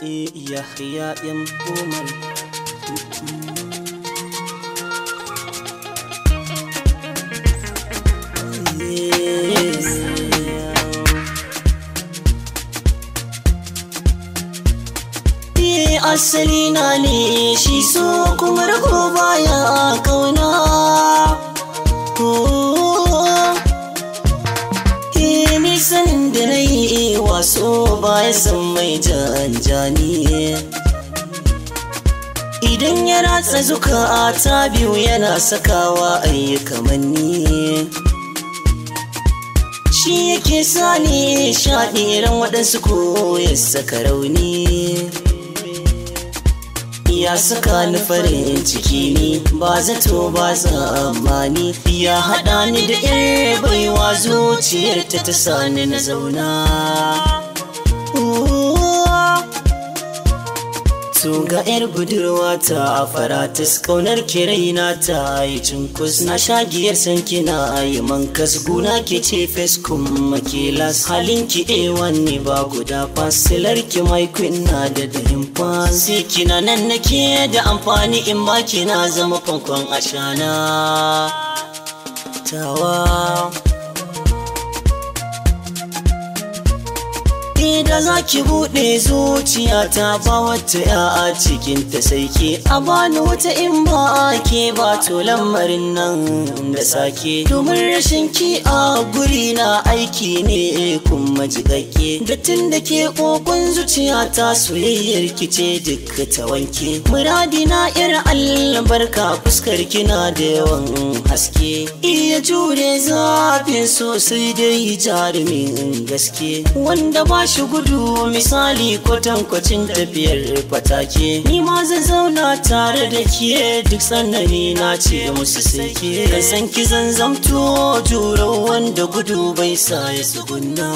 yahya yan umar asali na ne shi so kuma rago baya kauna oh, eh, sanin da na yi so baya san mai jani idan ya ratsa zuka ta biyu yana sakawa ayyuka ni shi yake sani shaɗiran waɗansu ko ya saka rauni ya saka ni farin ciki ni ba zato ba zamani, ya haɗa ni da irin baiwa zuciyar ta ta na zauna to ga yar budurwa ta faratis kaunar na ta yi cinkus na shagiyar ayi yi mankas Na ke ce ke makilas halin ki ewan eh ne ba guda fasilar ki mai na da dahin fasi kina nan ke da amfani in ba kina zama kwankwan ashana tawa da za ki buɗe zuciya ta ba wata ya'a cikin ta sai a bani wata in ba ke ba to lamarin nan da sake domin rashin ki a guri na aiki ne kuma jiƙaƙƙe dattin da ke ƙoƙon zuciya ta soyayyar ki ce duk ta wanke muradi na yar albarka fuskar kina da yawan haske iya jure zafin sosai dai jarumin gaske wanda ba shi masu gudu misali kwatankwacin tafiyar fatake ni ma zan zauna tare da ke duk sannani na ce musu sake da san ki zan zamto turau wanda gudu bai sa ya tsugunna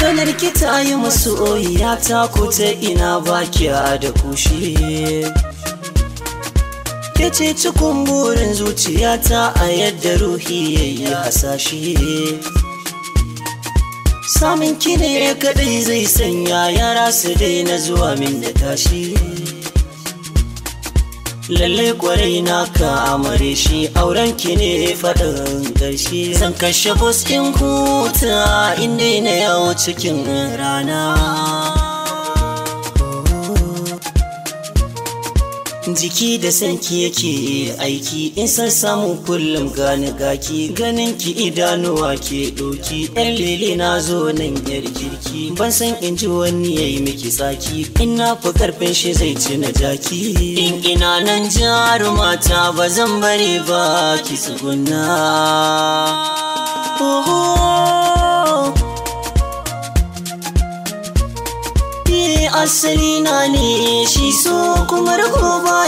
Kanar kita ta yi masu oyi ya ta ko ta ina ba da kushe. ke ce cikin burin zuciyata a yadda ruhi yayi hasashe samun kini ne kadai zai sanya yara su daina zuwa min da tashi lalle kwarai na ka amare shi auren ki ne faɗin ƙarshe zan kashe fuskin huta inda na yawo cikin rana jiki da sanki yake aiki in san samu kullum gani gaki ganin ki idanuwa ke ɗauki yan lele na zo nan yar girki ban san in ji wani yayi miki tsaki in na fi karfin shi zai ci na jaki in ina nan mata ba zan bari ba ki tsuguna asali na ne shi so kuma rahoba